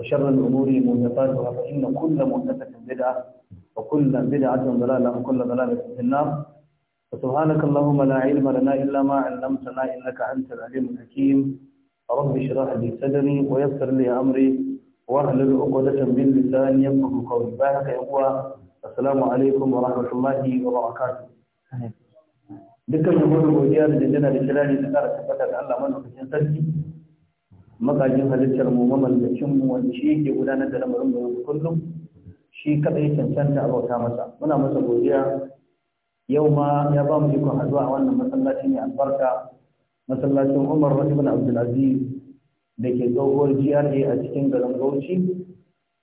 وشر الأمور مهدفاتها فإن كل مهدفة بدعة وكل بدعة ضلالة وكل ضلالة في النار فسبحانك اللهم لا علم لنا إلا ما علمتنا إنك أنت العليم الحكيم رب اشرح لي صدري ويسر لي أمري واحلل عقدة من لساني يفقه قولي بارك يا أخوة السلام عليكم ورحمة الله وبركاته dukkan yabo da godiya da jinjina da kirari da kara tabbata da Allah sarki magajin halittar mu mamallakin mu wanda shi yake gudanar da lamarin mu kullum shi kadai cancanta a bauta masa muna masa godiya yau ma ya ba mu ikon hazuwa a wannan masallaci ne albarka masallacin Umar ibn Abdulaziz da ke tsohuwar GRA a cikin garin Bauchi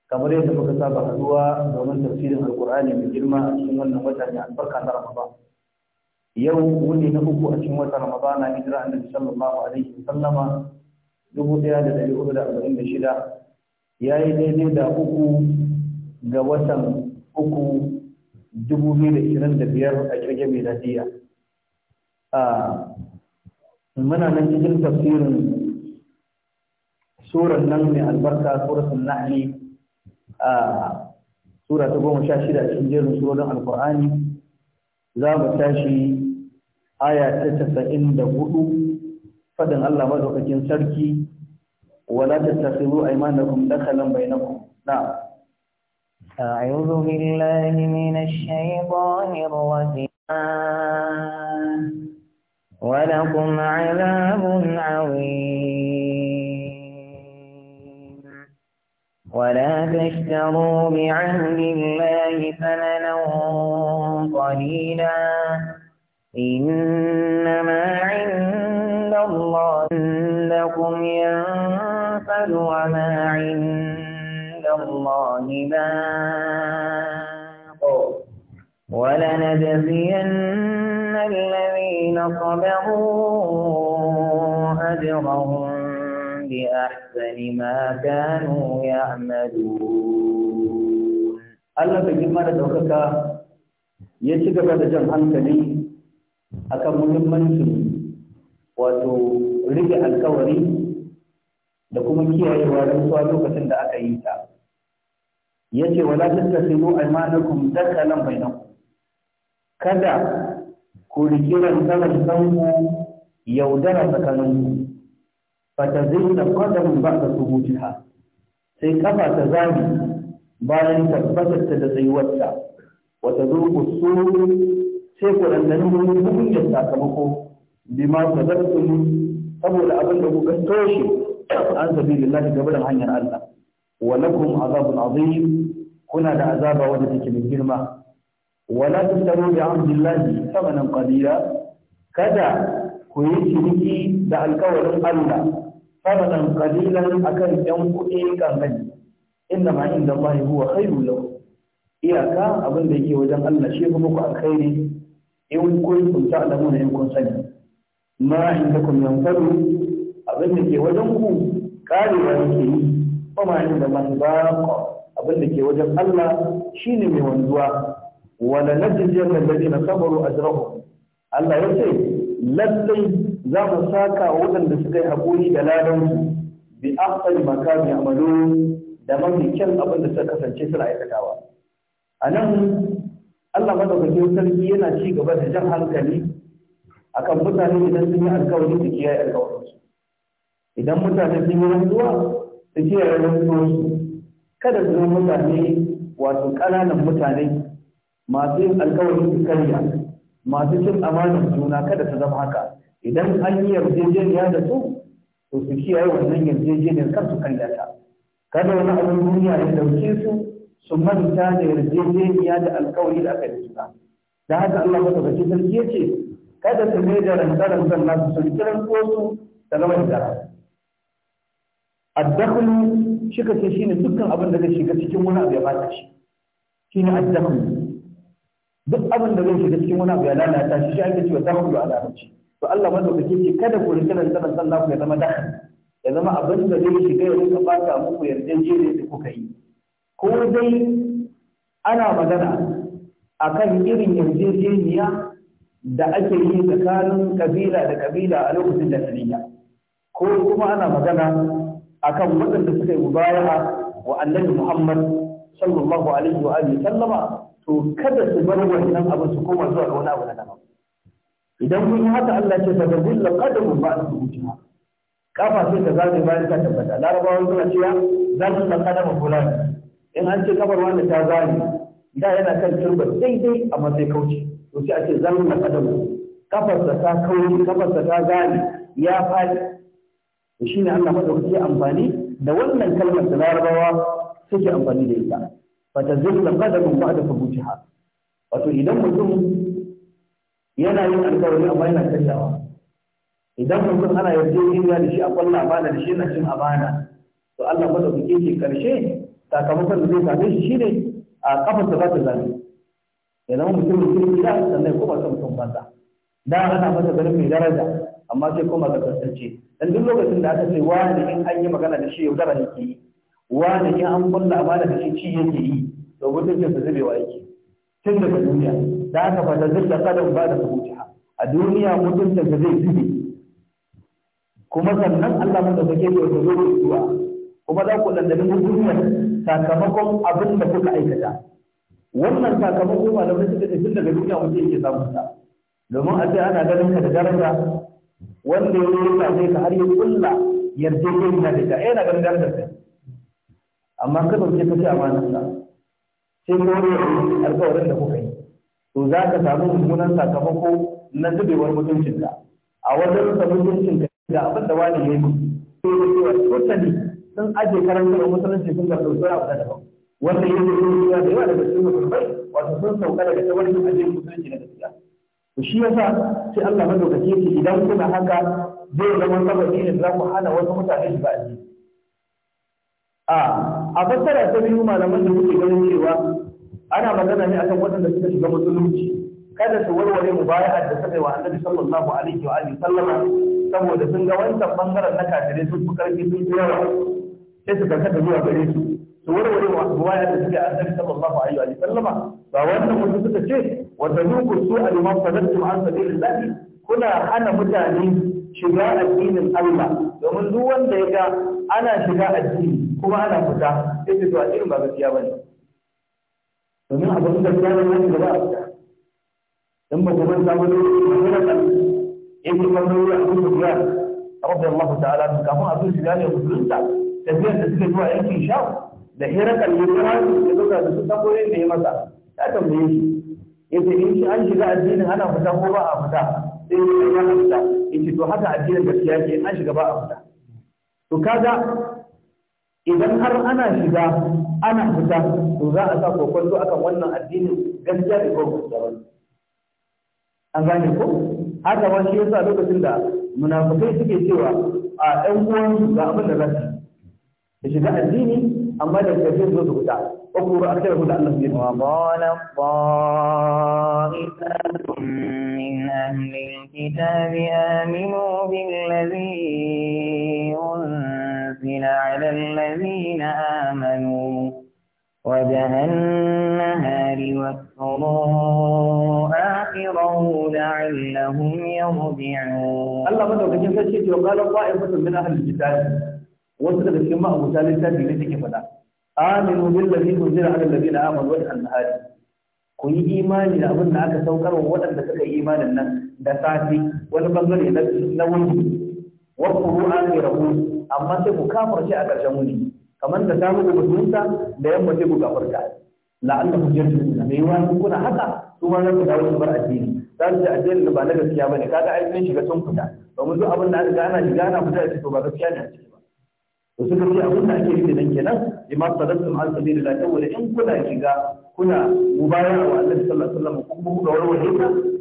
kamar yadda muka saba haduwa domin tafsirin alkur'ani mai girma a cikin wannan wata ne albarka na ramadan yau wuni na uku a cikin watan na hijira annabi sallallahu alaihi sallama dubu ɗaya da ɗari da arba'in da shida ya yi daidai da uku ga watan uku dubu biyu da ishirin da biyar a kirgin muna nan cikin tafsirin suran nan mai albarka suratun na'ani. a sura ta goma sha shida cikin jerin surorin alkur'ani za mu tashi aya ta casa'in da hudu fadin Allah madaukakin sarki wala tattakhidhu aymanakum dakhalan bainakum na'am أعوذ بالله من الشيطان الرجيم ولكم عذاب عظيم ولا تشتروا بعهد الله ثمنا قليلا إنما قال وما عند الله باق ولنجزين الذين صبروا أجرهم بأحسن ما كانوا يعملون الله تجمع لدوكك يتشك بعد جمعان كني أكا مهمة wato rike الكوري da kuma kiyayewa rantsuwa lokacin da aka yi ta yace wala tattasimu aymanakum dakalan bainan kada ku riki rantsalar sanku yaudara tsakaninku ba qadamun ba'da thubutiha sai kafa ta zami bayan tabbatar ta da tsayuwarta wata zuku su sai ku dandani wani hukunyar sakamako bima ku saboda abin da ga toshe an sabilillahi gaban hanyar Allah wa lakum azabun azim kuna da azaba wanda take mai girma wa la tasaru bi amdillahi thamanan qalila kada ku yi ciniki da alkawarin Allah thamanan qalilan akan yan kuɗi kankani inna ma inda Allah huwa khairul lakum iyaka abin da yake wajen Allah shi kuma ku alkhairi in kun kunta da in kun sani ma inda kun abin da ke wajen ku karewa yake yi kuma da man abin da ke wajen Allah shine mai wanzuwa wala najjiyar da ladina sabaru ajrahum Allah ya ce lallai za mu saka waɗanda suka yi haƙuri da ladansu bi afsali makami amalu da mafi kyan abin da suka kasance suna aikatawa a nan Allah madaukake sarki yana ci gaba da jan hankali akan mutane idan sun yi alkawari da kiyaye alkawari idan mutane sun yi rantsuwa su kiyaye rantsuwarsu kada su zama mutane wato ƙananan mutane masu yin alkawarin su karya masu cin amanar juna kada su zama haka idan an yi yarjejeniya da su to su kiyaye wannan yarjejeniyar kar su karya ta kada wani abin duniya ya dauke su su manta da yarjejeniya da alkawari da aka yi su da haka Allah ce sarki ya ce kada su mai da rantsar rantsar nasu su rantsuwarsu da rawar da addakulu shi ka ce shine dukkan abin da zai shiga cikin wani abu ya fata shi shine addakulu duk abin da zai shiga cikin wani abu ya lalata shi shi ake cewa dakulu ala larabci to Allah madaukake ce kada ku rinka nan sanan sallah ku ya zama da ya zama abin da zai shiga ya rinka fata muku yarjejeniya da kuka yi ko dai ana magana akan irin yarjejeniya da ake yi tsakanin kabila da kabila a lokacin da ko kuma ana magana akan waɗanda suka yi mubaya'a wa annabi Muhammad sallallahu alaihi wa alihi sallama to kada su bar wannan abin su koma zuwa ga wani abu na daban idan kun yi haka Allah ce ta gabi la qadamu ba su kafa sai ta zabe bayan ta tabbata larabawa suna cewa za su san kada mabulani in an ce kabar wanda ta zame da yana kan turba daidai amma sai kauce to sai a ce zan na qadamu kafarsa ta kauce kafarsa ta zame ya faɗi. to shine Allah madaukaki amfani da wannan kalmar da larabawa suke amfani da ita fatazilla qadamun ba'da thubutiha wato idan mutum yana yin alƙawari amma yana kashawa idan mutum ana yarjejeniya da shi a kwallon amana da shi yana cin amana to Allah kuke ke karshe sakamakon da zai same shi shine a kafarsa za ta zame ya zama mutum mutum gida sannan kuma sa mutum banza da ana masa ganin mai daraja amma sai kuma ka kasance dan duk lokacin da aka ce wani in an yi magana da shi yaudara yake yi wani in an kulla amana da shi ci yake yi to da zube zubewa yake tun daga duniya da aka fata duk da kadan ba da sabuta a duniya mutum da zai zube kuma sannan Allah mun da kake da zo zuwa kuma za ku dandalin duniya sakamakon abin da kuka aikata wannan sakamakon malamai suka tafi daga duniya mutum yake samun sa domin a ce ana ganin ka da daraja wanda ya yi zai ka har yi kulla yarda ke yi da eh, ta yana ganin dan da amma ka ta ce a manan sa sai ko ne alƙawarin da kuka yi to za ka samu mummunan sakamako na zubewar ka. a wajen sa mutuncinka da abin da wani ya yi to da cewa totally sun aje karanta da musulunci sun ga dauki a abu da daban wanda ya yi da yawa daga cikin musulmai wato sun sauka daga tawarin ajiyar musulunci na gaskiya shi yasa sai Allah madaukaki shi idan kuna haka zai zama sababi ne za ku hana wasu mutane shiga addini a a fassara ta biyu malaman da kuke ganin cewa ana magana ne akan waɗanda suka shiga musulunci kada su warware mubaya'ar da suka yi wa annabi sallallahu alaihi wa alihi sallama saboda sun ga wancan bangaren na kafirai sun fi sun fi yawa sai su karkata zuwa gare su su warware wa ruwaya da suke annabi sallallahu alaihi wa sallama ba wannan mutum suka ce wa tazuku su aliman fadattum an sabilillah kuna hana mutane shiga addinin Allah domin duk wanda ya ga ana shiga addini kuma ana fita yace to addinin ba gaskiya bane domin abin da ya nan da ba a fita dan ba kuma da wani magana kan yake kan wani abu da ya rabbi Allah ta'ala kafin a zuciya ne musulunta tafiyar da suke zuwa yankin shawo da hirakar yusufan da suka da suka tambayoyin da ya masa ya tambaye shi ya ce in shi an shiga addinin ana fita ko ba a fita sai ya ya fita in ce to haka addinin gaskiya ke an shiga ba a fita to kaga idan har ana shiga ana fita to za a sa kokonto akan wannan addinin gaskiya da kuma daban an gane ko haka ma shi yasa lokacin da munafukai suke cewa a ɗan uwan ga abin da za su shiga addini amma da kafin zo su fita ukuru akhiru da Allah ya wa qala ta'ifatun min ahli alkitabi aminu billadhi unzila ala alladhina amanu وجه النهار واكفروا آخره لعلهم يرجعون الله مدعو كجنسة شيء وقال طائفة من أهل الكتاب wasu daga cikin ma'abuta littafi ne suke faɗa aminu billahi unzila ala alladhina amanu wa an-nahari ku yi imani da abin da aka saukar wa waɗanda suka yi imanin nan da safi wani bangare na wuni wa qur'an ya rabu amma sai ku kafar shi a ƙarshen wuni kamar da samu ku mutunta da yamma sai ku kafarta la'alla ku jirtu da mai wani kuna haka su ma za ku dawo su bar addini za su ji addinin da ba na gaskiya ba ne, kaga ai sun shiga sun fita Ba mu zo abin da aka gana ana shiga ana fita da to ba gaskiya ne Wasu suka ce abin da ake yi nan kenan imam sallallahu alaihi wasallam Wani in kuna shiga kuna mubaya wa Allah sallallahu alaihi wasallam kuma ku dawar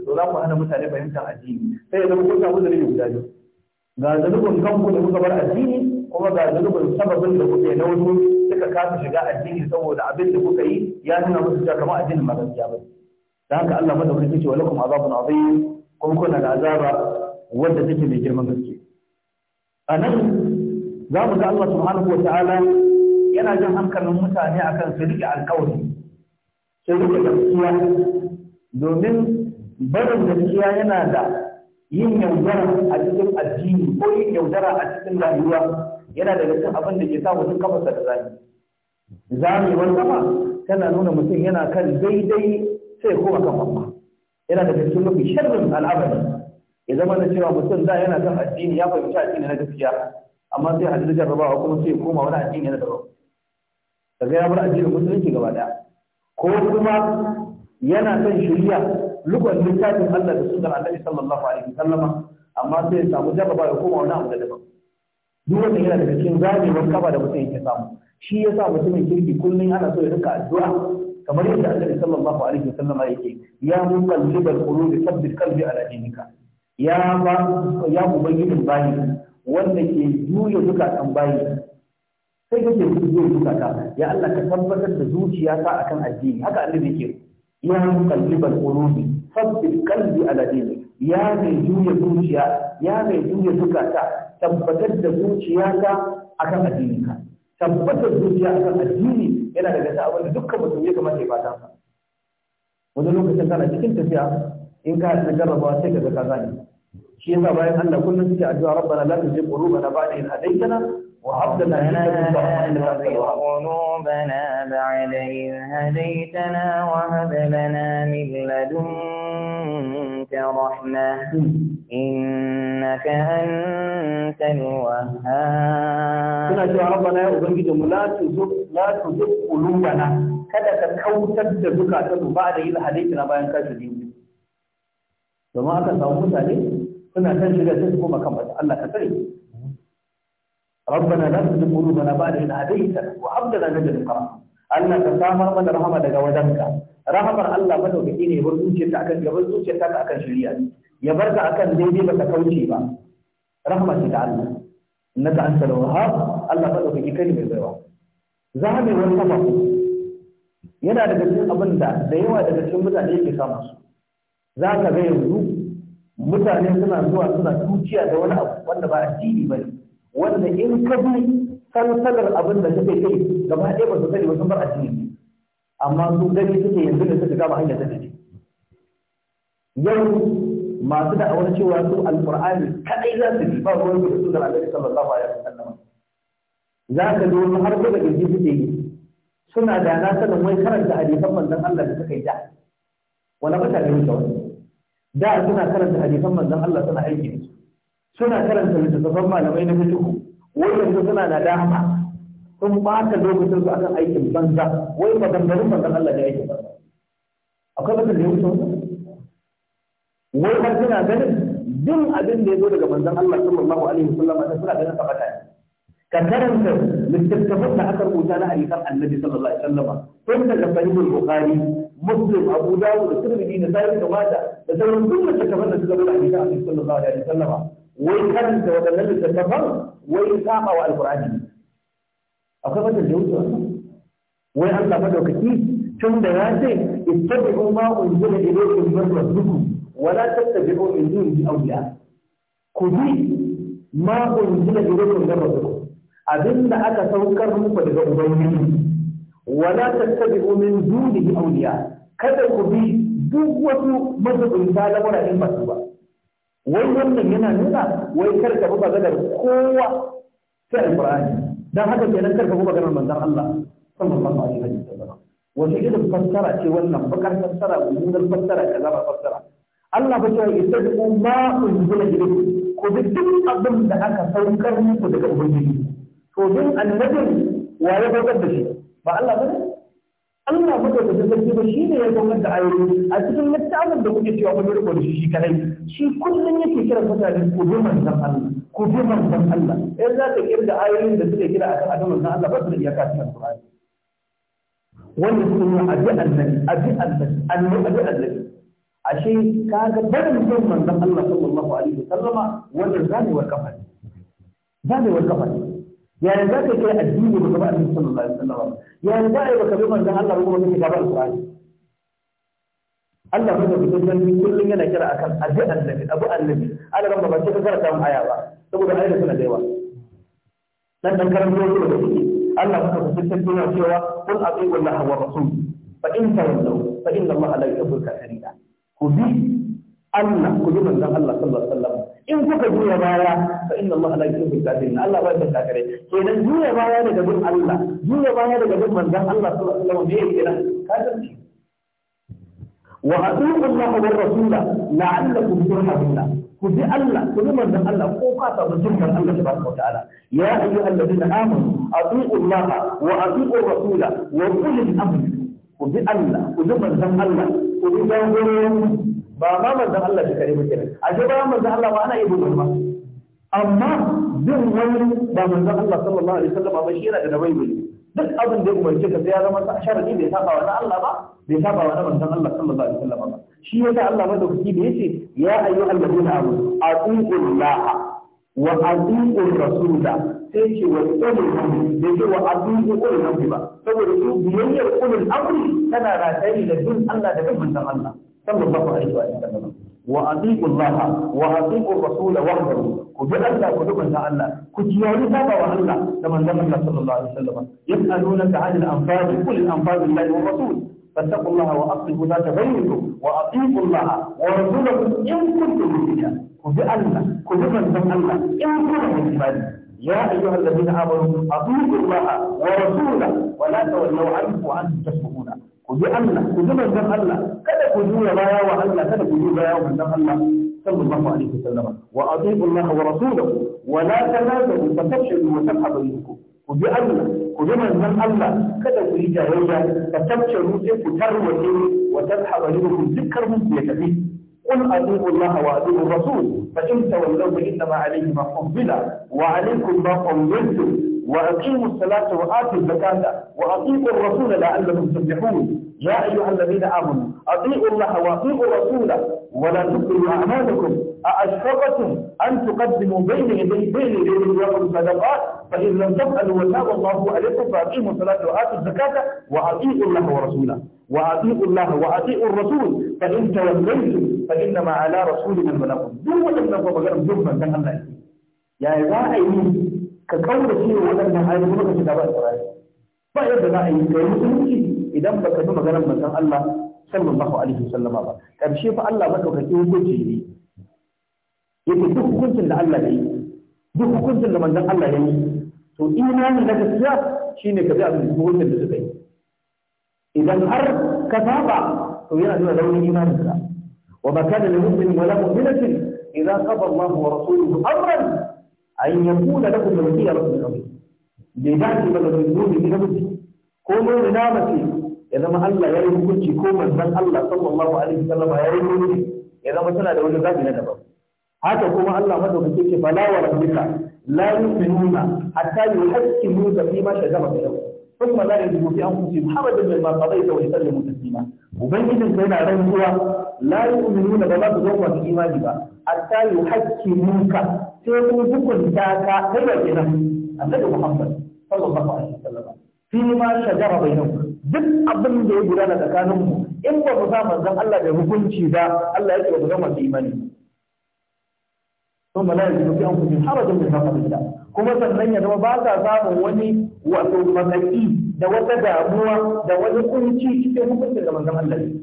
to za ku hana mutane fahimtar addini sai ya zama kun samu dalili guda biyu ga zalubin kanku da kuka bar addini kuma ga zalubin sababin da kuka yi na wani, suka kasa shiga addini saboda abin da kuka yi ya nuna musu cewa kamar addinin ma gaskiya ba da haka Allah madaukakin ce wa lakum azabun azim kuma kuna da azaba wadda take mai girman gaske anan za mu ga Allah subhanahu wa ta'ala yana jin hankalin mutane akan su rike alkawari su rike gaskiya domin barin gaskiya yana da yin yaudara a cikin addini ko yin yaudara a cikin rayuwa yana daga cikin abin da ke sa mutum kafa da zami zamewar sama tana nuna mutum yana kan daidai sai kuma kan mamma yana daga cikin mafi sharrin al'abari ya zama na cewa mutum da yana kan addini ya fahimci addini na gaskiya amma sai a jirgin rabawa kuma sai koma wani addini na daban daga ya bar addinin musulunci gaba daya ko kuma yana son shirya lukon littafin Allah da sunan Allah sallallahu alaihi wasallam amma sai ya samu jarraba ya koma wani abu da daban duk wanda yana da cikin wani kaba da mutum yake samu shi ya sa mutumin kirki kullum ana so ya rika addu'a kamar yadda Allah sallallahu alaihi wasallam yake ya muqallibal qulubi thabbit qalbi ala dinika ya ba ya ubangijin bayi wanda ke juya zukatan bayi sai kake juya zukata ya Allah ka tabbatar da zuciya ta akan addini haka annabi ke ya muqallibal qulubi sabbit qalbi ala dini ya mai juya zuciya ya mai juya zukata tabbatar da zuciya ta akan addini ka tabbatar zuciya akan addini yana daga sa abin da dukkan mutum ya kamata ya fata wani lokacin kana cikin tafiya in ka da jarrabawa sai ka ga ka gane shi yasa bayan Allah kullum suke addu'a rabbana la tuzigh qulubana ba'da idh hadaytana wa hab lana min ladunka qulubana ba'da idh hadaytana wa hab lana min ladunka rahmah innaka antal wahhab kuna cewa rabbana ya ubangiji mu la tuzigh la tuzigh qulubana kada ka kautar da zukatan mu ba'da idh hadaytana bayan ka shirye domin aka samu mutane suna san shirya sai su koma kan bata Allah ka tsare rabbana la tuzigh qulubana ba'da idh hadaytana wa hab lana min ladunka Allah ka samar mana rahama daga wajenka rahamar Allah madaukaki ne bar zuciyarka akan gaban zuciyarka akan shari'a ya bar barka akan daidai baka kauce ba rahama ce ta Allah innaka antal wahhab Allah madaukaki kai mai baiwa zahabi wal safahu yana daga cikin abin da da yawa daga cikin mutane yake samu za ka ga yanzu mutane suna zuwa suna tuciya da wani abu wanda ba addini ba ne wanda in ka bi sansanar abin da suka kai gaba ɗaya ba su sani ba sun bar addini amma su gani suke yanzu da suka gama hanyar da yau masu da'awar cewa su alƙur'ani kaɗai za su bi ba ruwan su da sunan annabi sallallahu alaihi wasallam za ka zo wani har da gindi suke yi suna da na sanin wai karanta hadisan manzon Allah da suka yi da wani mutane wuce wani da suna karanta hadisan manzon Allah suna aiki da su suna karanta littattafan malamai na fiqh wannan suna da dama sun bata lokacin su akan aikin banza wai maganganun manzon Allah ne aikin banza akwai mutum da ya wuce wai har suna ganin duk abin da ya zo daga manzon Allah sallallahu alaihi wasallam ta suna ganin sabata ne ka karanta littattafan da aka rubuta na hadisan annabi sallallahu alaihi wasallam tun daga sahihul bukhari muslim abu dawud da tirmidhi da sai da mata da sauran duk littattafan da suka bada hadisi annabi sallallahu alaihi wasallam wai karanta wadannan littattafan wai saba wa alqur'ani akwai wanda da wuce wannan wai Allah madaukaki tun da ya ce ittabi'u ma unzila ilaykum min rabbikum wa la tattabi'u min dunihi awliya ku bi abinda aka saukar muku daga ubangiji wala tattabi'u min dunihi awliya kada ku bi duk wasu mazubinta na in masu ba wai wannan yana nuna wai kar ka bi maganar kowa sai alqur'ani dan haka kenan kar ka bi maganar manzon Allah sallallahu alaihi wasallam wace irin fassara ce wannan bakar fassara gudunar fassara kaza ba fassara Allah ba cewa istaqu ma unzila ku bi duk abin da aka saukar muku daga ubangiji to din annabin wa ya saukar da shi ba Allah ba ne Allah da sarki ba shi ne ya gwamnati da ayoyi a cikin littafin da kuke cewa mun riko da shi shi kadai shi kullum yake kira mutane ku bi manzon Allah ku bi manzon Allah in za ka kirga ayoyin da suke kira a kan adam manzon Allah ba su da iyaka cikin Qur'ani wanda suke yi abi annabi abi annabi annabi abi annabi ashe kaga barin bin manzon Allah sallallahu alaihi wasallama wannan zamewar kafa ne zamewar kafa ne yayin za ka kai addini ba gaba annabi sallallahu alaihi wasallam yayin za ka baka bi manzon Allah ko baka gaba alqur'ani Allah ba da kusan kullun yana kira akan abi annabi abu annabi Allah ran ba ce ka karanta mun aya ba saboda ayatu suna da yawa dan dan karanto su da kike Allah ba da kusan yana cewa kun abi wallahi wa rasul fa in tawallu fa inna Allah la yuhibbu al-kafirin ku bi anna ku ji manzon Allah sallallahu alaihi wasallam in kuka juya baya fa inna Allah la yuhibbu al-kafirin Allah ba ya kafire kenan juya baya daga bin Allah juya baya daga bin manzon Allah sallallahu alaihi wasallam ka kenan kafirci wa atiu Allah wa rasula la'allakum turhamuna ku bi Allah ku bi manzon Allah ko ka samu jinkar Allah tabaraka wa ta'ala ya ayyuhalladhina amanu atiu Allah wa atiu rasula wa ulil amri ku bi Allah ku bi manzon Allah ku bi jagoranci ba ma manzan Allah shi kare muke a ce ba manzan Allah ba ana ibu ba amma bin wani ba manzan Allah sallallahu alaihi wasallam ba shi yana da dabai bai duk abin da ya umarce ka sai ya zama sharadi bai saba wa Allah ba bai saba wa manzan Allah sallallahu alaihi wasallam ba shi yasa Allah madaukaki da yace ya ayyuhal ladina amanu atiqullaha wa atiqur rasula sai ce wa ulul amri da ce wa atiqur ulul amri ba saboda su biyayyar ulul amri tana rataye da bin Allah da bin manzan Allah صلى الله عليه وسلم وأطيعوا الله وأطيعوا الرسول وحده كجل الله كجل الله كجيار الله وحده لمن لم الله صلى الله عليه وسلم يسألونك عن الأنفاق كل الأنفال الله والرسول فاتقوا الله وأطيقوا ذات بينكم وأطيقوا الله ورسولكم إن كنتم مؤمنين كجل الله كجل إن كنتم مؤمنين يا أيها الذين آمنوا أطيقوا الله ورسوله ولا تولوا عنه وأنتم تسبقون ku bi Allah ku bi manzon Allah kada ku jura baya wa Allah kada ku jura baya wa manzon Allah sallallahu alaihi wasallam wa atiiu Allah wa rasulahu wa la tanazalu fatafshalu wa tadhhabu minkum ku bi Allah ku bi manzon Allah kada ku yi jayayya fatafshalu sai ku tarwaje wa tadhhabu minkum dukkan mun ya tafi قل أطيعوا الله وأطيعوا الرسول فإن تولوا فإنما عليه ما حمل وعليكم ما حملتم وأقيموا الصلاة وآتوا الزكاة وأطيعوا الرسول لعلكم تفلحون يا أيها الذين آمنوا أطيعوا الله وأطيعوا الرسول ولا تبطلوا أعمالكم أأشفقتم أن تقدموا بين يدي بين يدي لكم صدقات فإن لم تفعلوا وتاب الله عليكم فأقيموا الصلاة وآتوا الزكاة وأطيعوا الله ورسوله وأطيعوا الله وأطيعوا الرسول فإن توليتم فإنما على رسولنا البلاغ دون أن نقوم بغير ذنبا كان الله يا ذا أيها ka kaura shi waɗannan ayoyi kuma ka shiga ba tsarai ba yadda za a yi kai musulunci idan baka bi maganar manzon Allah sallallahu alaihi wasallama ba karshe fa Allah madaukakin hukunci ne yake duk hukuncin da Allah ya yi duk hukuncin da manzon Allah ya yi to imani na gaskiya shine ka bi abin hukuncin da suka yi idan har ka saba to yana nuna launin imaninka wa ma kana lil muslimin wala mu'minatin idza qada Allahu wa rasuluhu amran an yakuna lakum da min rabbikum bai dace ba da mummuni na miji ko mai na mace ya zama Allah ya yi hukunci ko manzon Allah sallallahu alaihi wasallam ya yi hukunci ya zama tana da wani zabi na daban haka kuma Allah madaukake ce fala wa rabbika la yu'minuna hatta yuhaqqimuka fi ma ba shajara bainahum thumma la yajidu fi anfusihim harajan mimma qadayta wa yusallimu taslima ubangijin sai na rantsuwa la yu'minuna ba za su zama masu imani ba hatta yuhaqqimuka sai kun hukunta ka kai ba kenan annabi Muhammad sallallahu alaihi wasallam fi ma shajara bainakum duk abin da ya gudana tsakanin mu in ba mu sa zan Allah da hukunci ba Allah yake ba mu gama imani kuma an yajidu fi anfusihim harajan min maqdisa kuma sannan ya zama ba sa samun wani wato matsaki da wata damuwa da wani kunci cikin hukuncin da manzon Allah ne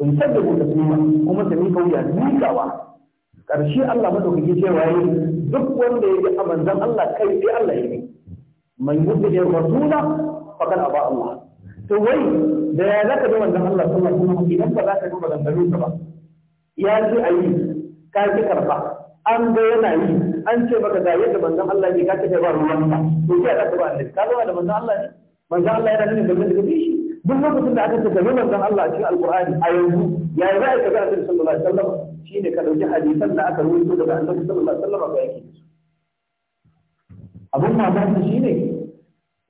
in sabbi ko taslima kuma sami kauya nikawa ƙarshe Allah madaukaki cewa yi duk wanda ya yi a manzan Allah kai sai Allah ya yi man yudda ya rasula faqad aba Allah to wai da ya zaka bi manzan Allah sallallahu alaihi wasallam idan ba za ka ga maganganu ba ya ce ayi ka ki karba an ga yana yi an ce baka ga yadda manzan Allah ne ka ce ba ruwan ba to ya ka ba Allah ka zama da manzan Allah ne manzan Allah yana nuna da kake shi duk lokacin da aka ce ga manzan Allah a cikin alqur'ani a yanzu ya yi ra'ayi ga annabi sallallahu alaihi wasallam Shi ne ka ɗauki hadisan da aka rubuto daga annabi sallallahu alaihi wasallam ga yake abun mamaki ne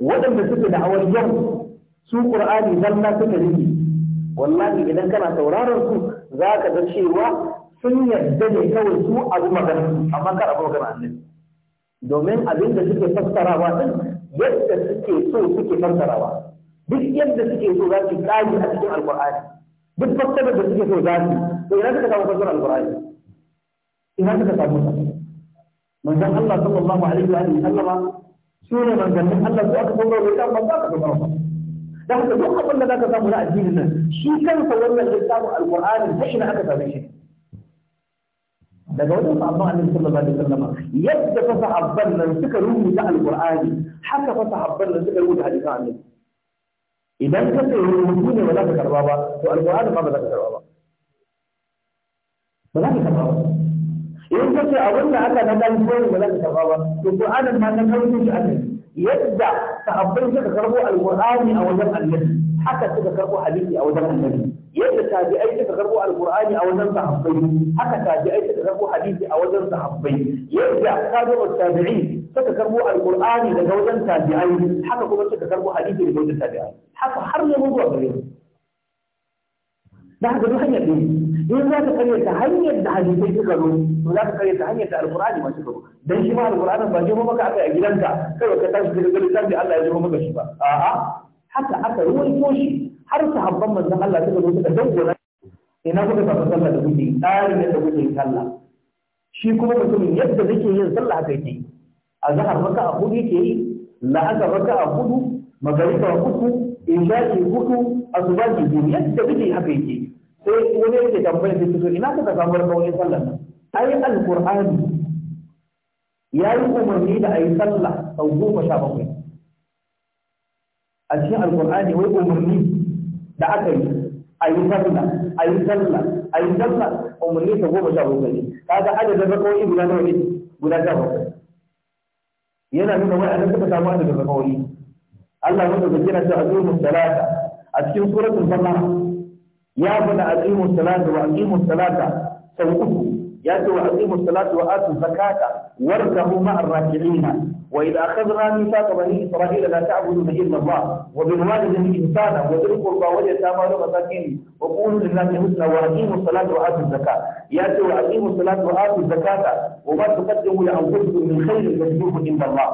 waɗanda suke da awar yau su qur'ani zalla suka rike wallahi idan kana sauraron su zaka ga cewa sun yarda ne kawai su abu magana amma kar abu magana annabi domin abin da suke fassarawa din yadda suke so suke fassarawa duk yadda suke so za su kari a cikin Alƙur'ani duk fassarar da suke so za su to idan suka samu fassarar alqur'ani idan suka samu manzon Allah sallallahu alaihi wa sallama su ne manzannin Allah su aka saurara da kan manzo aka saurara ba da haka duk abin da zaka samu na addinin nan shi kansa wannan littafin alqur'ani ta ina aka same shi daga wajen sahabban annabi sallallahu alaihi wasallam yadda fa sahabban nan suka rubuta alqur'ani haka fa sahabban nan suka rubuta hadisan annabi idan ka ce rubutu ne ba za ka karba ba to alqur'ani ma ba za ka karba ba ba za ka taɓa ba in ka ce abin da aka na ɗan koyi ba za ka taɓa ba to Qur'anin ma na karɓo shi a yadda sahabbai suka karɓo alƙur'ani a wajen annabi haka suka karɓo hadisi a wajen annabi yadda tabi'ai suka karɓo alƙur'ani a wajen sahabbai haka tabi'ai suka karɓo hadisi a wajen sahabbai yadda tabi'ut tabi'i suka karbo alkur'ani daga wajen tabi'ai haka kuma suka karbo hadisi daga wajen tabi'ai haka har ya zuwa gare mu da haka duk hanyar ɗaya in za ka karya ta hanyar da hadisai suka zo to za ka karya ta hanyar da alkur'ani masu zo dan shi ma alkur'ani ba jima maka aka a gidanka kai ka tashi daga littafin Allah ya jima maka shi ba a'a haka aka ruwaito shi har sahabban manzon Allah suka zo suka dangona ina kuka tafi sallah da kuke tsarin yadda kuke kalla. shi kuma mutumin yadda nake yin sallah haka yake a zahar maka a hudu yake yi la'asar maka a hudu magariba uku isha'i hudu asubahi biyu yadda kake haka yake sai wani yake tambayar da fito ina ka samu rakawai sallar nan ai alqur'ani yi umarni da ayi sallah sau goma sha bakwai a cikin alqur'ani wai umarni da aka yi ayi sallah ayi sallah ayi sallah umarni sau goma sha bakwai kaga adadin rakawai guda nawa ne guda sha bakwai yana nuna wai a nan suka samu adadin rakawai Allah ya da jira ta aqimu salata a cikin suratul baqara ya bada aqimu salata wa aqimu salata sau uku ya ce wa aqimu salata wa atu zakata warkabu ma'ar raki'ina وإذ أخذنا ميثاق بني إسرائيل لا تعبدون إلا الله وبالوالدين إنسانا وذي القربى واليتامى والمساكين وقولوا للناس حسنا وأقيموا الصلاة وآتوا الزكاة يأتوا وأقيموا الصلاة وآتوا الزكاة وما تقدموا لأنفسكم من خير تجدوه عند الله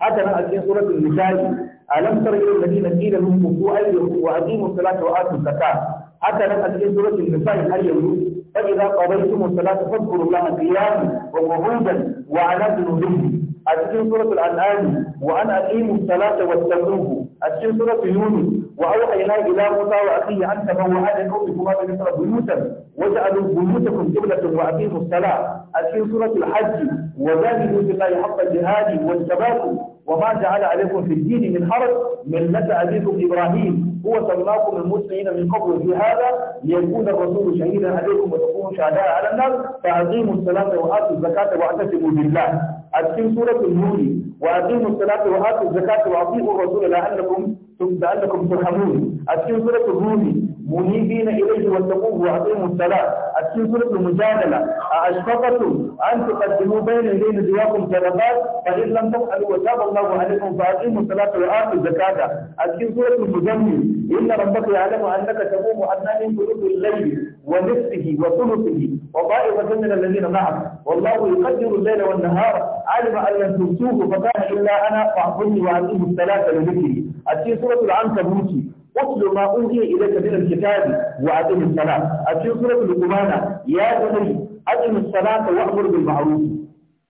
هذا أتي سورة النساء ألم تر إلى الذين قيل لهم كفوا أيديكم وأقيموا الصلاة وآتوا الزكاة حتى لم في سورة النساء الأيام فإذا قضيتم الصلاة فاذكروا الله قياما وقعودا وعلى جنوبهم أتكلم سورة الأنعام وأن أقيموا الصلاة واتقوه أتكلم سورة يونس وأوحينا إلى موسى وأخيه أن تبوأ لقومكما بمصر بيوتا واجعلوا بيوتكم قبلة وأقيموا الصلاة أتين سورة الحج وجاهدوا الله حق الجهاد واجتباكم وما جعل عليكم في الدين من حرج ملة أبيكم إبراهيم هو سماكم المسلمين من قبل في هذا ليكون الرسول شهيدا عليكم وتكونوا شهداء على الناس فأقيموا الصلاة وآتوا الزكاة واعتصموا بالله أتين سورة النور وأقيموا الصلاة وآتوا الزكاة وأطيعوا الرسول لعلكم da Allah kuma ta hamu a cikin suratul rumi منيبين إليه واتقوه وأقيموا الصلاة أتكين سورة المجادلة أشفقتم أن تقدموا بين يدين زواكم كذبات فإن لم تفعلوا وتاب الله عليكم فأقيموا الصلاة وآتوا الزكاة أتكين سورة المزمل إن ربك يعلم أنك تقوم أدنى من قلوب الليل ونفسه وثلثه وطائفة من الذين معك والله يقدر الليل والنهار علم أن لن تنسوه فكان إلا أنا فاعبدني وأقيموا الصلاة لذكري أتكين سورة العنكبوتي أطل ما أوحي إليك من الكتاب وأقم الصلاة أتي سورة لقمان يا بني أقم الصلاة وأمر بالمعروف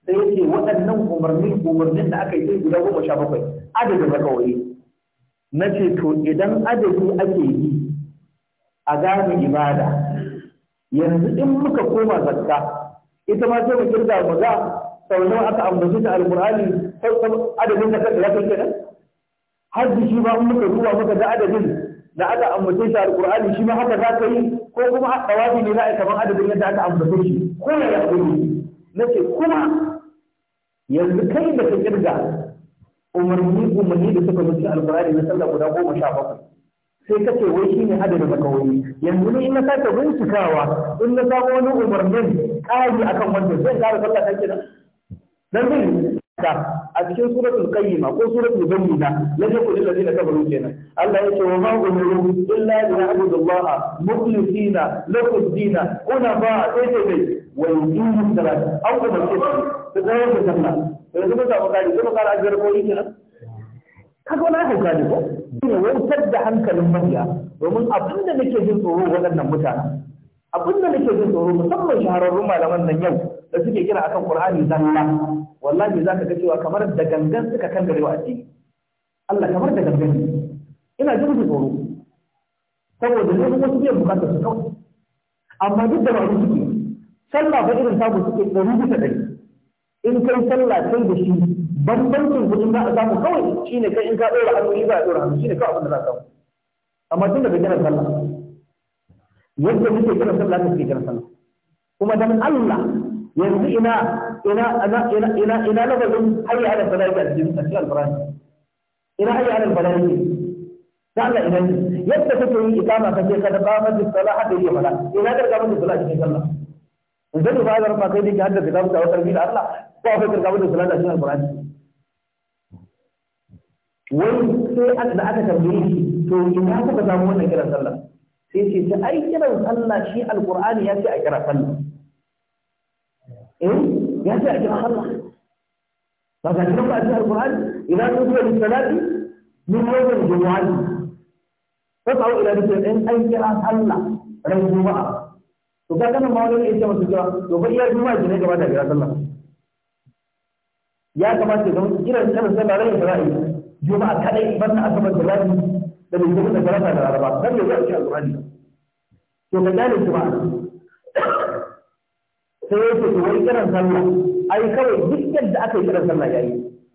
سيأتي وأنهم أمرني أمرني أكي تيجي له وشابقي عدد الركوعين نتي تو إذن عدد أكي a gane ibada yanzu in muka koma zakka ita ma sai mu kirga mu ga sau nawa aka ambaci ta alqur'ani sai adadin da kake yake kenan hajji shi ba muka zuwa muka ga adadin da aka ambace shi alqur'ani shi ma haka za ka yi ko kuma a ne za a yi adadin yadda aka ambace shi ko ya yaƙuri nace kuma yanzu kai da ka kirga umarni umarni da suka mutu alqur'ani na sallah guda goma sha bakwai sai kace wai shine adadin makawoyi yanzu ne in na sake bincikawa in na samu wani umarnin ƙari akan wannan zai ƙara sallah ta kenan dan zai a cikin suratul qayyima ko suratul bayyina la yakun lil ladina kafaru kenan Allah ya ce wa ma umiru illa li na'budu Allah mukhlisina lahu ad-din unafa ayta bay wa yuqimu salat aw kama kace ta zai da sallah to yanzu ba za mu kare kuma kare ajiyar koyi kenan kaga wani hauka ne ko ne wautar da hankalin mabiya domin abinda da nake jin tsoro waɗannan mutanen Abinda da nake jin tsoro musamman shahararrun malaman nan yau da suke kira akan Qur'ani zalla wallahi zaka ga cewa kamar da gangan suka kangare wa addini Allah kamar da gangan ina jin musu tsoro saboda ne wasu bai bukatar su kawai amma duk da wani suke sallah ba irin samu suke ɗari bisa ɗari in kai sallah kai da shi bambancin kudin za a samu kawai shine kai in ka ɗora hannu za a ɗora hannu ne kawai abin da za a samu amma tun daga kiran sallah yadda muke kiran sallah kake kiran sallah kuma dan Allah yanzu ina ina ina ina ina lafazin hayya ala bala'i a cikin alqur'ani ina hayya ala bala'i da Allah ina ne yadda kake yi ikama ka ce kada ba mata salah hada yi mala ina karga mata salah cikin sallah yanzu da bazar ma kai dinka hadda kitab ta wata bi da Allah ko fa karga mata salah cikin alqur'ani wai sai da aka tambaye shi to ina kuka samu wannan kiran sallah sai ce ta ai kiran sallah shi alqur'ani ya ce a kira sallah eh ya ce a kira Allah ba ga kira ba a cikin alquran ila nufiya da salati min yawmin jumu'ati ko kawo ila nufiya in an kira Allah ran juma'a to ga kana ma wani ya ce masa kira to ba iya juma'a ne gaba da kira sallah ya kamata ya zama kiran kiran sallah ran Isra'i juma'a kadai banda asabar da rabi da bai zama da garaba da raraba dan da zai ci sai ya ce to wai kiran sallah ai kawai duk yadda aka yi kiran sallah yayi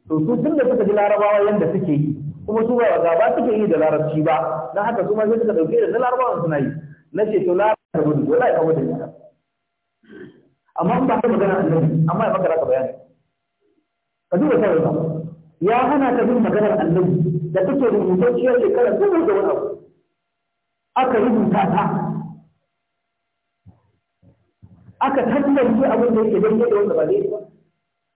to su tunda suka ji larabawa yanda suke yi kuma su ba ba suke yi da larabci ba dan haka su ma sai suka dauke da larabawan suna yi na ce to larabawa gudu dole ka gudu ne amma ba ka magana annabi amma ya maka raka bayani ka duba sai ba ya hana ka bin maganar annabi da take rubutacciyar shekara dubu da wani abu aka rubuta ta aka tantance abin da yake daidai da wanda ba daidai ba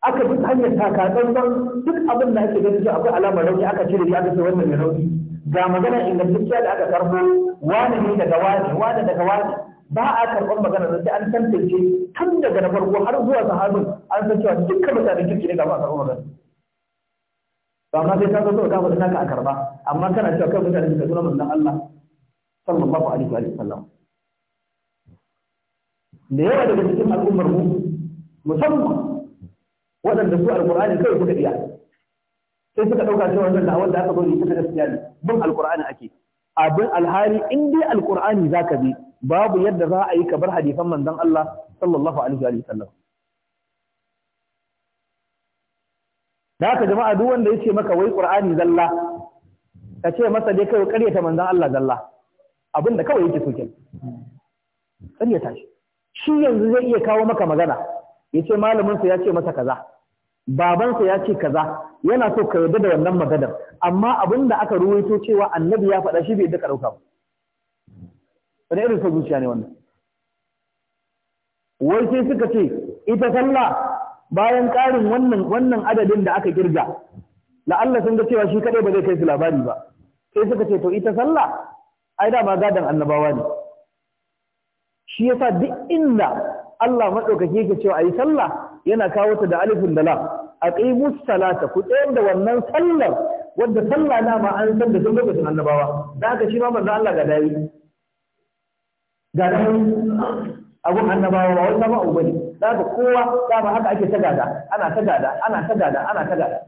aka duk hanyar takatsantsan duk abin da ake ganin akwai alamar rauni aka cire shi aka ce wannan mai rauni ga magana ingantacciya da aka karbo wani ne daga wani wani daga wani ba a karɓar magana da sai an tantance tun daga na farko har zuwa sahabin an san cewa dukkan mutanen kirki ne ga ba a karɓar magana ba ma sai ka zo ka faɗi naka a karɓa amma kana cewa kai mutanen da sunan manzon Allah sallallahu alaihi wa sallam da yawa daga cikin al'ummar mu musamman waɗanda su alƙur'ani kai suka iya sai suka ɗauka cewa wannan da wanda aka zo ne ta gaskiya ne bin alƙur'ani ake abin alhali in dai alƙur'ani zaka bi babu yadda za a yi ka bar hadisan manzon Allah sallallahu alaihi wa sallam da haka jama'a duk wanda yace maka wai qur'ani zalla ka ce masa dai kai ƙaryata manzon Allah zalla abinda kawai yake so kenan ƙaryata shi shi yanzu zai iya kawo maka magana ya ce malaminsa ya ce masa kaza babansa ya ce kaza yana so ka yarda da wannan maganar amma abin da aka ruwaito cewa annabi ya faɗa shi bai yadda ka ɗauka ba wani irin son zuciya ne wannan wai sai suka ce ita sallah bayan ƙarin wannan wannan adadin da aka kirga Allah sun ga cewa shi kadai ba zai kai su labari ba sai suka ce to ita sallah ai dama gadon annabawa ne shi yasa duk inda Allah madaukake yake cewa ayi sallah yana kawo ta da alifin da la aqimus salata ku tsayar da wannan sallar wanda sallah na ma an san da tun lokacin annabawa da haka shi ma manzo Allah ga dai ga dai abun annabawa ba wanda ba uba ne da haka kowa ba haka ake tagada ana tagada ana tagada ana tagada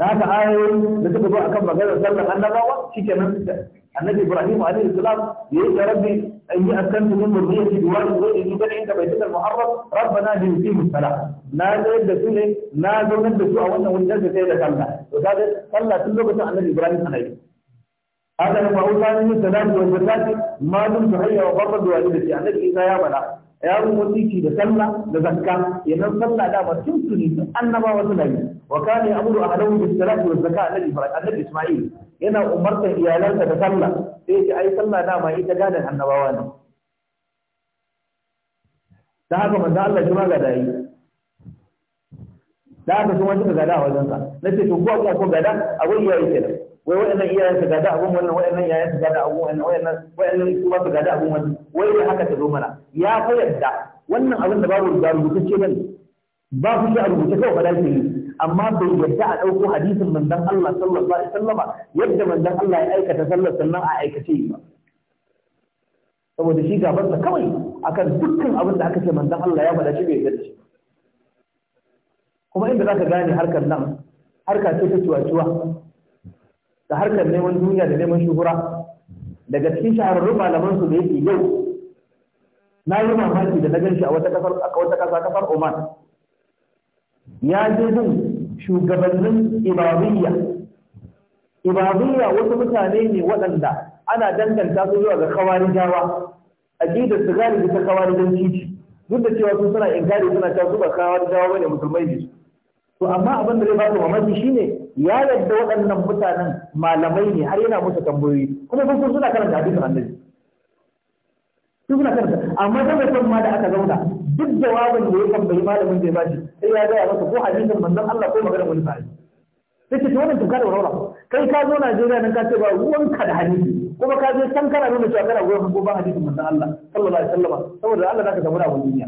da haka ayoyi da suka zo akan maganar sallar annabawa shikenan annabi Ibrahim alaihi salam yayi rabbi أي أسلمت من مرضية جوار وإني بل عند بيتنا المحرم ربنا جل فيه الصلاة لا زيد سنة لا زيد سوء وانا والناس زيد كلنا وهذا صلى تلوك عن الإبراهيم عليه هذا لما أقول ثاني السلام والزكاة ما دمت حيا وبرد والدتي عن الإيسا يا ملا يا موليكي ده صلى ده زكاة ينام صلى لا ما تنسني أنما وسلم وكان يأمر أهله بالصلاة والزكاة النبي إسماعيل yana umartar iyalansa da sallah sai ya ce ai sallah dama ita gadon annabawa ne ta haka manzo Allah shi ma ga dai da haka kuma shi da a wajensa nace to ko ko gada a wai yayi kenan wai wayannan iyayen su gada abun wannan wayannan iyayen su gada abun wannan wayannan wayannan kuma su gada abun wannan wai da haka ta zo mana ya fa yadda wannan abin da babu rubutu ce bane ba ku shi a rubuce kawai fa ne. amma bai yadda a ɗauko hadisin manzon Allah sallallahu alaihi wasallam yadda manzon Allah ya aikata sallar sannan a aikace ba saboda shi gaban sa kawai akan dukkan abin da aka ce manzon Allah ya faɗa shi bai yadda shi kuma inda zaka gane harkar nan harka ce ta ciwaciwa, da harkar neman duniya da neman shuhura daga cikin shahararrun malaman su da yake yau na yi mamaki da na gan shi a wata a kasa kasar Oman ya je din shugabannin imamiyya imamiyya wasu mutane ne waɗanda ana danganta su zuwa ga kawarijawa aqidar su galibi ta don titi duk da cewa su suna inkari suna cewa su ba kawarijawa bane musulmai ne to amma abin da zai ba su mamaki shine ya yadda waɗannan mutanen malamai ne har yana musu tambayoyi kuma sun suna karanta hadisin annabi su suna karanta amma saboda son ma da aka zauna duk jawabin da ya tambayi malamin da ya bashi sai ya gaya masa ko hadisin manzon Allah ko maganar wani sahabi sai ce wannan tuka da warwara kai ka zo Najeriya nan ka ce ba ruwanka da hadisi kuma ka je san kana nuna cewa kana goyon ko ba hadisin manzon Allah sallallahu alaihi wasallam saboda Allah zaka samu abun duniya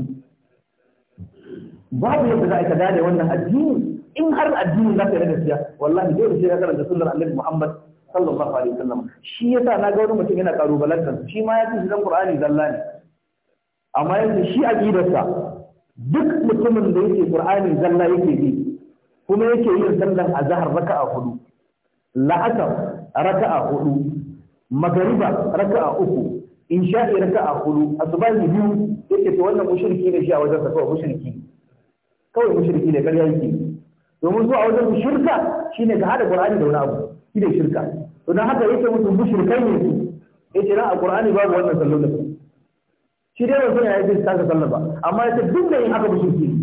babu yadda za ka gane wannan addini in har addini za ka yi na gaskiya wallahi dole sai ka karanta sunnar Annabi Muhammad sallallahu alaihi wasallam shi yasa na ga wani mutum yana karubalantar shi ma ya ce zan qur'ani zalla ne amma yanzu shi aqidarsa duk mutumin da yake qur'ani zalla yake yi kuma yake yin sallan azhar raka'a hudu la'asar raka'a hudu magariba raka'a uku insha'i raka'a hudu asubahi biyu yake to wannan mushriki ne shi a wajen sa kawai mushriki kawai mushriki ne kar yake domin zuwa wajen shirka shine ka hada qur'ani da wani abu shine shirka to dan haka yake musu mushrikai ne su yace ran alqur'ani babu wannan sallar da shi dai wannan ya yi ta sallar ba amma yace duk da yin haka mushriki ne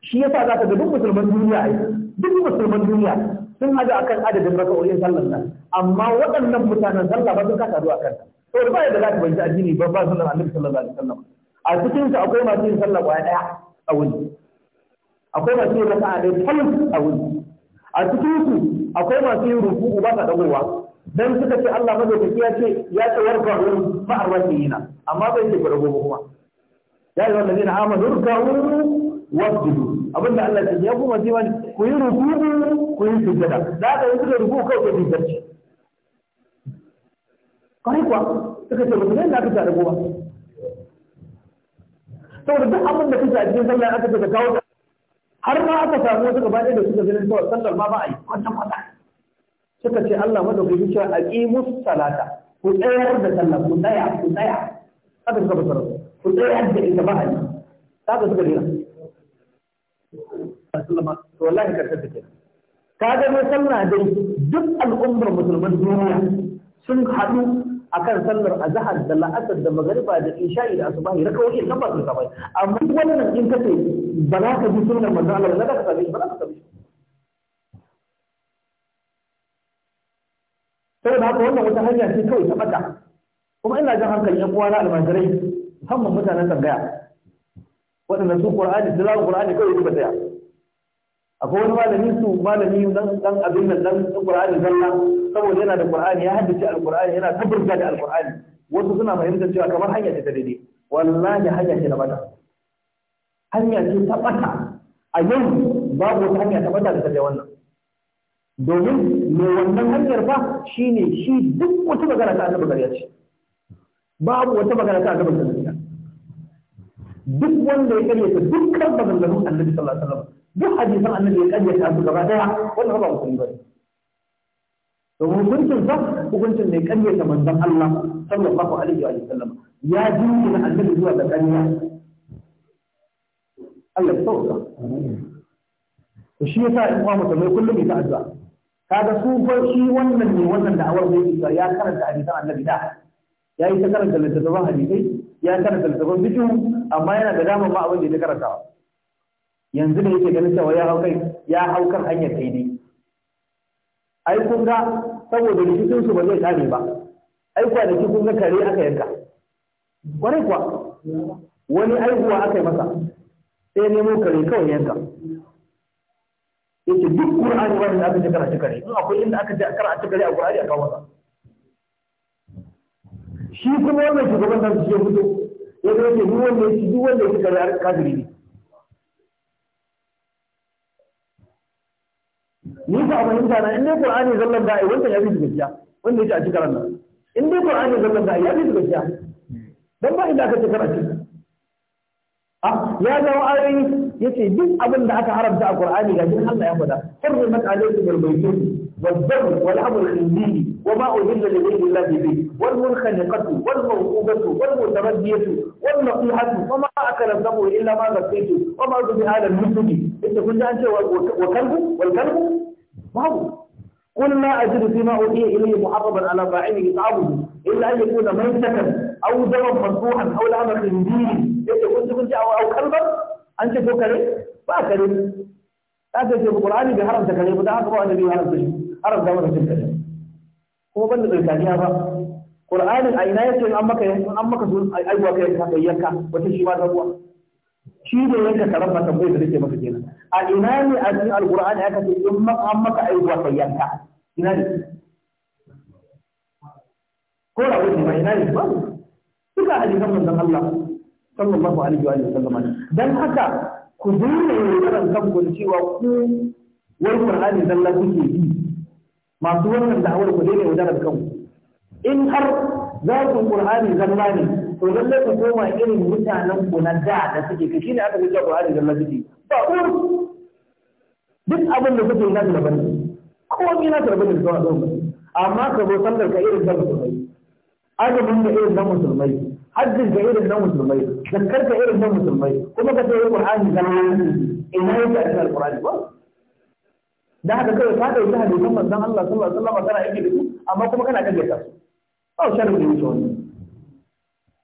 shi yasa zaka ga duk musulman duniya ai duk musulman duniya sun haɗu akan adadin raka'o'in sallar nan amma waɗannan mutanen sallah ba sun kasa zuwa kan to ba da za ka bayyana addini ba ba sunan annabi sallallahu alaihi wasallam a cikin su akwai masu yin sallah ya daya a wuni akwai masu yin raka'a ɗaya tal a wuni a cikin su akwai masu yin ruku'u ba ka dagowa dan suka ce Allah zai ya ce ya ce warka'u ma arwaqina amma bai ce ku ba kuma ya yi wannan ne amanu ruka'u wasjudu abinda Allah ya ce ya kuma zima ku yi ruku'u ku yi sujada da aka yi suka ruku'u kawai ku sujada kai kuwa suka ce mutum da aka ta dagowa saboda duk abin da kake a cikin sallah aka ce ka kawo har ma aka samu wasu gaba ɗaya da suka ganin kawai sallar ma ba a yi kwanta kwata suka ce Allah madaukaki cewa aqimus salata ku tsayar da sallah ku tsaya ku tsaya haka suka fasara ku tsayar da ita ba a yi haka suka dina to wallahi karkar take ka ga mai sallah dai duk al'ummar musulman duniya sun haɗu akan sallar azhar da la'asar da magariba da isha da ne raka wani nan da su ka bai amma wannan in ka ce ba za ka bi sunan manzo Allah ba za ka same ba za ka same sai da haka wannan wata hanya ce kawai ta bata kuma ina jin hankali yan uwa na almajirai musamman mutanen tsangaya waɗanda su qur'ani tilawar qur'ani kawai ba tsaya akwai wani malami su malami dan dan abin nan dan Qur'ani zalla saboda yana da Qur'ani ya haddace Al-Qur'ani yana tabbata da Al-Qur'ani wasu suna fahimtar cewa kamar hanya ce ta daidai wallahi hanya ce ta bata hanya ce ta bata a yau babu wata hanya ta bata da ta wannan domin me wannan hanyar fa shine shi duk wata magana ta annabi gariya ce babu wata magana ta annabi gariya duk wanda ya ta dukkan maganganun annabi sallallahu alaihi wasallam duk hadisan annabi ya karyata su gaba daya wannan ba musulmi bane domin hukuncin sa hukuncin ne karyata manzon Allah sallallahu alaihi wa sallam ya jinkina annabi zuwa da ƙarya Allah ya sauka to shi yasa in uwa musulmai kullum ta addu'a kaga su fa shi wannan ne wannan da awar zai isa ya karanta hadisan annabi da ya yi ta karanta littattafan hadisai ya karanta littattafan bidiyo amma yana da dama ma abin da ya karanta yanzu ne yake ganin cewa ya hau kai ya hau kan hanyar daidai ai kun ga saboda rikicin su ba zai tare ba ai da kun ga kare aka yanka kwarai kuwa wani aihuwa aka yi masa sai nemo kare kawai yanka yake duk Qur'ani da aka da karatu kare in akwai inda aka ce karatu kare a Qur'ani a kawo masa shi kuma wannan shugaban da shi ya fito ya ga yake duk wanda yake duk wanda yake kare kafiri ne bisa a fahimta na in dai Qur'ani zallan da wannan ya bi gaskiya wanda yake a cikin ran nan in dai Qur'ani zallan da ya bi gaskiya dan ba inda aka ce karatu ah ya ga ayoyi yace duk abin da aka haramta a Qur'ani ga jin Allah ya faɗa hurrimat alaykum al-maytun والذبح ولحم الخنزير وما أهل لغير الله به والمنخنقة والموقوبة والمتردية والنصيحة وما أكل الذبح إلا ما ذكيتم وما ذبح على المسلم أنت كنت أنت والكلب والكلب بابو قل ما أجد فيما أوحي إليه محرما على باعينه يتعبده إلا أن يكون ميتة أو دما مفتوحا أو لعم خنزير يقول كنت أو أو كلبا أنت كريم فأكرم هذا في القرآن بحرم تكريم وده أقرأ النبي حرم تشريم حرم في تكريم هو بل الكلية قرآن أين يسلم أمك يسلم أمك أيوة كيف يكا وتشي ما تبوه shi ne yanka karan ba ta da nake maka kenan a ina ne a cikin alqur'ani aka ce in maka an maka aiwa sai ina ne ko da wani ba ina ne ba duka hadisan manzon Allah sallallahu alaihi wa sallam dan haka ku dinga yin karan kanku cewa ku wani qur'ani la kuke yi. masu wannan da'awar ku daina yaudarar kanku in har za ku qur'ani zalla ne to lalle ku koma irin mutanen ku na da da suke ka shine aka yi Qur'ani da masjidi ba ku duk abin da kuke na da bane ko ni na da bane da amma ka zo sallar ka irin da musulmai azumin da irin da musulmai hajjin ka irin da musulmai zakkar ka irin da musulmai kuma ka sai Qur'ani da ina yake a Qur'ani ba da haka kawai ka dauki hadisan manzon Allah sallallahu alaihi wasallam kana yake da su amma kuma kana kaje ta su ba sharri ne wannan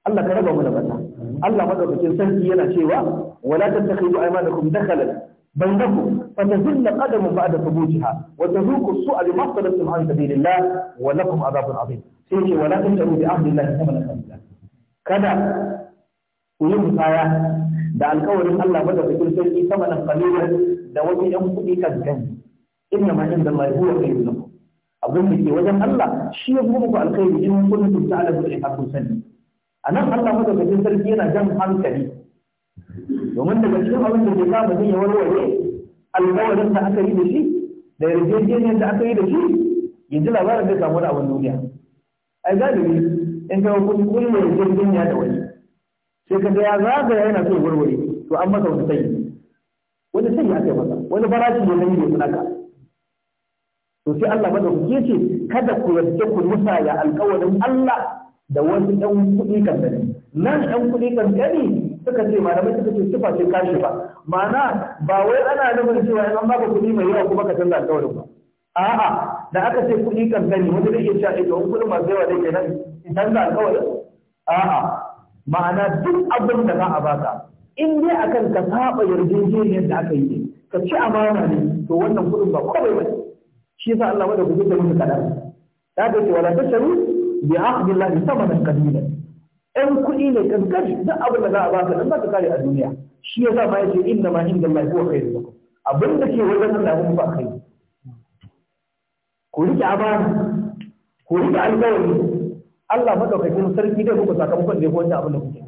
Allah ka raba mu da bata Allah madaukakin sarki yana cewa wala tattakhidu aymanakum dakhalan بينكم فتزل قدم بعد ثبوتها وتذوقوا السوء بما اختلفتم عن سبيل الله ولكم عذاب عظيم سيدي ولا تشتروا بعهد الله ثمنا قليلا kada ku yi musaya da alƙawarin Allah ba sarki samanan kalilan da wani ɗan kuɗi kan gani inna ma inda Allah huwa khairu lakum abin da ke wajen Allah shi ya fi muku alkhairi in kuntum ta'lamu al-haqqu sani a nan Allah madaukakin sarki yana jan hankali domin daga cikin abin da ke sa mutum ya warware alƙawarin da aka yi da shi da yarjejeniyar da aka yi da shi yanzu ji labarin zai samu da abin duniya ai galibi in ka kun kulle yarjejeniya da wani sai ka ga ya zagaya yana so warware to an masa wani sayi wani sayi aka yi masa wani farashi ne na yi da sunaka to sai Allah madaukake ce kada ku yarda ku musaya alƙawarin Allah da wasu ɗan kuɗi kankani nan ɗan kuɗi kankani suka ce malamai suka ce tufa ce kashi ba ma'ana ba wai ana nufin cewa in an baka kuɗi mai yawa kuma ka canza alƙawarin ba a'a da aka ce kuɗi kankani wani zai iya cewa eh, ita wani kuɗi masu yawa dai kenan in canza alƙawarin a'a ma'ana duk abin da za a baka in dai akan ka saba yarjejeniyar da aka yi ne ka ci amana ne to wannan kuɗin ba komai ba shi yasa Allah wanda ku da muka kaɗan? da ka ce wala tasharu bi aqdi Allah thamanan qalila ɗan kuɗi ne kankani duk abin da za a baka dan baka kare a duniya shi yasa ma yace inna ma inda Allah huwa khairu lakum abin da ke wajen Allah mun ba kai ku rike amana ku rike alƙawari Allah madaukakin sarki dai muku sakamakon da ya wanda abin da kuke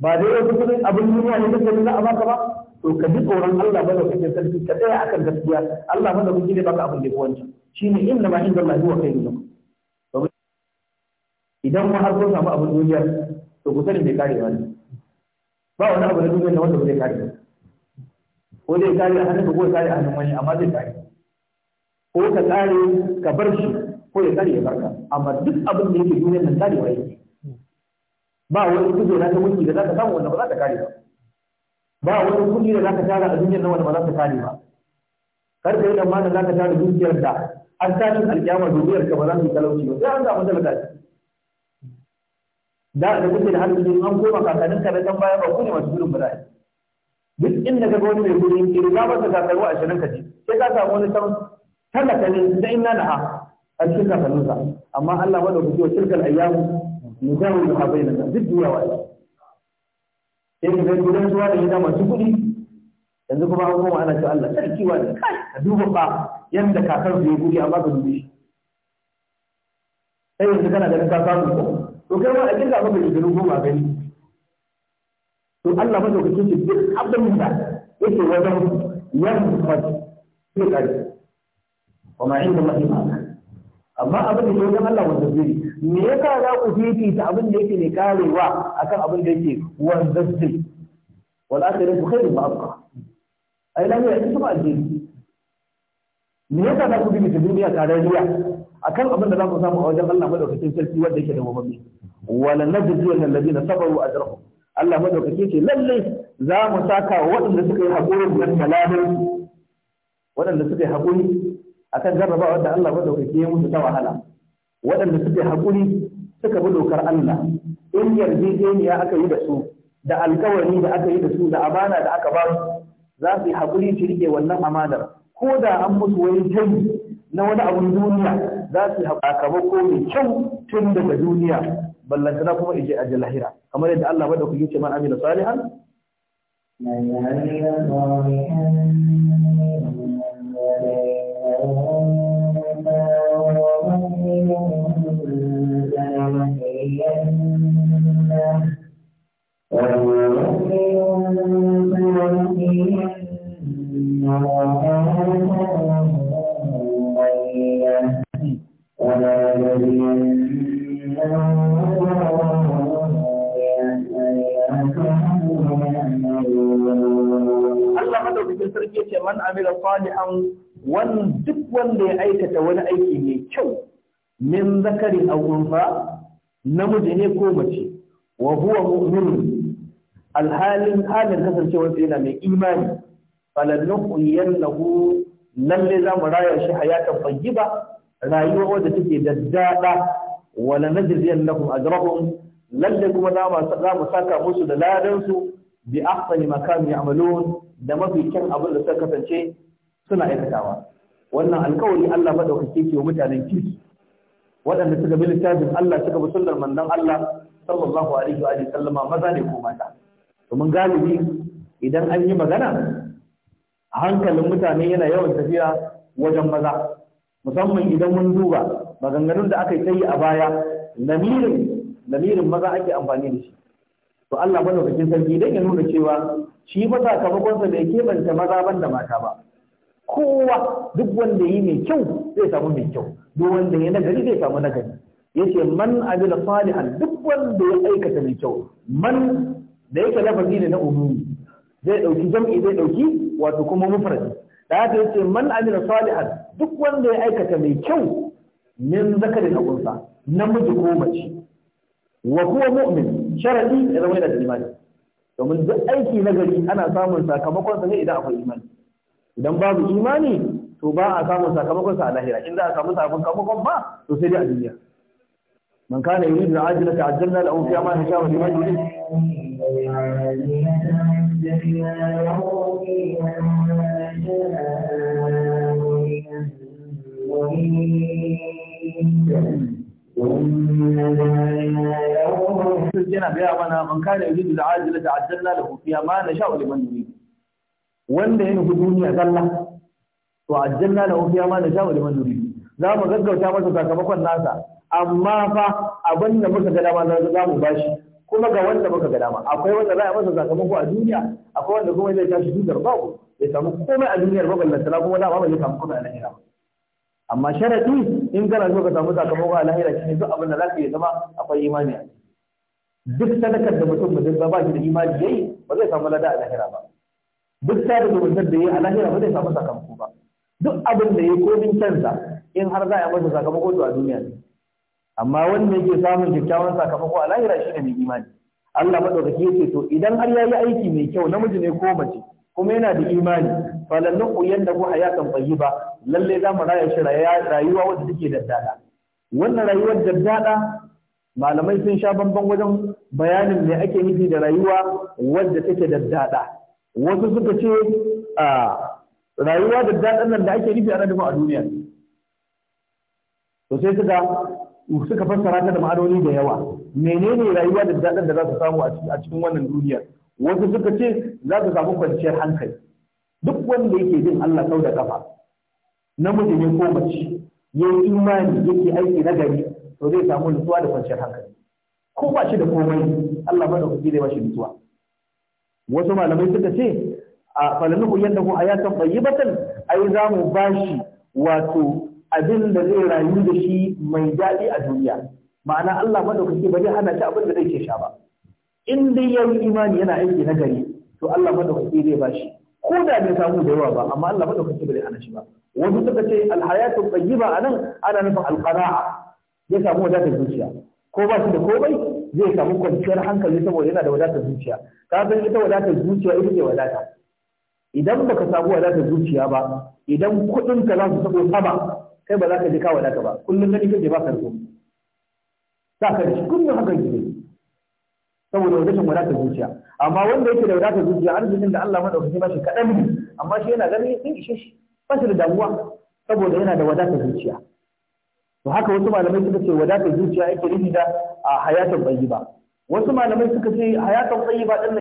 ba dai ya wasu kudin abin duniya ne kake za a baka ba to ka ji tsoron Allah madaukakin sarki ka tsaya akan gaskiya Allah madaukakin ne baka abin da ya wanda shine inna ma inda Allah huwa khairu lakum idan ma har kun samu abin duniya to ku sani bai karewa ne ba wani abu na duniya da wanda ba zai kare ba ko zai kare a hannun ko kare a hannun wani amma zai kare ko ka kare ka bar shi ko ya kare ya barka amma duk abin da yake duniya nan karewa yake ba wani kudi na ta wuce da za ka samu wanda ba za ka kare ba ba wani kudi da za ka tara a duniyar nan wanda ba za ka kare ba kar ka yi tsammanin za ka tara dukiyar da an tashin alƙiyama duniyar ka ba za su yi talauci ba sai an samu talaka da da kuke da arzikin an koma kakannin ka da kan baya ba ku ne masu gudun bala'i duk inda ka ga wani mai gudun kiri ka masa kakaru ashirin ka ce sai ka samu wani san talaka ne da inna na ha a cikin kakanninsa amma Allah wanda ku ce tilkal ayyamu nizamu da bai nan duk duniya wa sai ka ga gidan zuwa da yana masu kuɗi yanzu kuma an koma ana cewa Allah sarki wa ne kai ka duba ba yadda kakan su ya gudi amma ka dubi shi sai yanzu kana ganin ka samu ko to kai ma a kirga maka shekaru goma gani to Allah zai kace duk abin da yake wajen yan fasi sai kare wa ma inda mahi amma abin da yake Allah wanda zai me yasa za ku ta abin da yake ne karewa akan abin da yake wanda zai wal akhiratu khairun wa abqa ai lamu ya ba aljini me yasa za ku ta duniya tare da akan abin da za mu samu a wajen Allah madaukakin sarki wanda yake da mamaye wala najzi alladhina sabaru ajrahum Allah madaukake ce lalle za mu saka waɗanda suka yi haƙuri da malamin waɗanda suka yi haƙuri akan jarrabawa da Allah madaukake ya musu ta wahala waɗanda suka yi hakuri suka bi dokar Allah in yarjejeniya aka yi da su da alkawari da aka yi da su da amana da aka ba su za su yi hakuri su wannan amanar ko da an musu wani canji na wani abun duniya za su sakamako mai kyau tun daga duniya ballantana kuma ije a lahira kamar yadda Allah bada ku yace man amila salihan وَمَا sarki ce man amila salihan wan duk wanda ya aikata wani aiki mai kyau min zakarin aw unfa namiji ne ko mace wa huwa mu'min alhalin halin kasancewa yana mai imani falannuqiyannahu lalle za mu raya shi hayatan tayyiba rayuwa wadda take da dada wala najziyannahum ajrahum lalle kuma za mu saka musu da ladan su bi ahsani ma kanu da mafi kyan abin da suka kasance suna aikatawa wannan alkawari Allah madaukake ke wa mutanen kirki waɗanda suka bi littafin Allah suka bi sunnar manzon Allah sallallahu alaihi wa sallama maza ne ko mata domin galibi idan an yi magana a hankalin mutane yana yawan tafiya wajen maza musamman idan mun duba maganganun da aka yi a baya lamirin lamirin maza ake amfani da shi to Allah madaukakin sarki dan ya nuna cewa shi fa sakamakonsa bai kebanta maza ban da mata ba kowa duk wanda yi mai kyau zai samu mai kyau duk wanda ya nagari zai samu nagari yace man amila salihan duk wanda ya aikata mai kyau man da yake lafazi ne na umumi zai dauki jam'i zai dauki wato kuma mufradi da haka yace man amila salihan duk wanda ya aikata mai kyau min zakarin akunsa namiji ko mace wa huwa mu'min sharadi ya zama yana da imani domin duk aiki na gari ana samun sakamakon sa ne idan akwai imani idan babu imani to ba a samun sakamakon sa a lahira in za a samu sakamakon ba to sai dai a duniya man kana yuridu al-ajla ta'ajjalna lahu fiha ma nasha wa Thank you. yana gaya mana man da yuridu da ajiyar ta'ajjalna lahu fiha ma na nasha'u liman nurid wanda ya nufi duniya zalla to ajiyar ajjalna lahu fiha ma na nasha'u liman nurid za mu gaggauta masa sakamakon nasa amma fa abin da muka ga dama za mu bashi kuma ga wanda muka ga dama akwai wanda za a masa sakamako a duniya akwai wanda kuma zai tashi dukar babu ya samu komai a duniyar babu ballantana kuma dama ba zai samu komai a lahira ba amma sharadi in kana so ka samu sakamako a lahira shine duk abin da zaka yi zama akwai imani duk sadakar da mutum mutum ba shi da imani yayi ba zai samu lada a lahira ba duk sadakar da mutum da yayi a lahira ba zai samu sakamako ba duk abin da yayi komin kansa in har za a yi masa sakamako to a duniya ne amma wanda yake samun kyakkyawan sakamako a lahira ne mai imani Allah madaukaki yake to idan har yayi aiki mai kyau namiji ne ko mace kuma yana da imani falan nuku yanda ku bayi ba, lalle za mu raya shi rayuwa wadda take daddada wannan rayuwar daddada malamai sun sha bamban wajen bayanin me ake nufi da rayuwa wadda take daddada wasu suka ce a rayuwa da daddadan nan da ake nufi a nufin a duniya to sai suka suka fassara ta da ma'anoni da yawa menene rayuwa daddadan da za su samu a cikin wannan duniyar wasu suka ce za su samu kwanciyar hankali duk wanda yake bin Allah sau da kafa namiji ne ko mace ya yi imani yake aiki na gari to zai samu nutsuwa da kwanciyar hankali ko ba shi da komai Allah ba da kuɗi zai ba shi nutsuwa wasu malamai suka ce a falanuhu yadda ku ayatan batan ai za mu shi wato abin da zai rayu da shi mai daɗi a duniya ma'ana Allah da ba bari hana shi abin da zai ke sha ba in dai ya yi imani yana aiki na gari to Allah madaukaki zai ba shi ko da bai samu da yawa ba amma Allah madaukaki bai ana shi ba wani suka ce alhayatu tayyiba anan ana nufin alqana'a zai samu wadatar zuciya ko ba shi da komai zai samu kwanciyar hankali saboda yana da wadatar zuciya ka san ita wadatar zuciya ita ce wadata idan baka samu wadatar zuciya ba idan kuɗin ka za su sabo sama kai ba za ka je ka wadata ba kullum gani kake ba ka riko za ka da shi kullum hakan ki saboda rashin wadatar zuciya amma wanda yake da wadatar zuciya arzikin da Allah madaukaki ba shi kaɗan ne amma shi yana ganin sun ishe shi ba da damuwa saboda yana da wadatar zuciya to haka wasu malamai suka ce wadatar zuciya yake nufi a hayatan tsayiba wasu malamai suka ce hayatan tsayiba din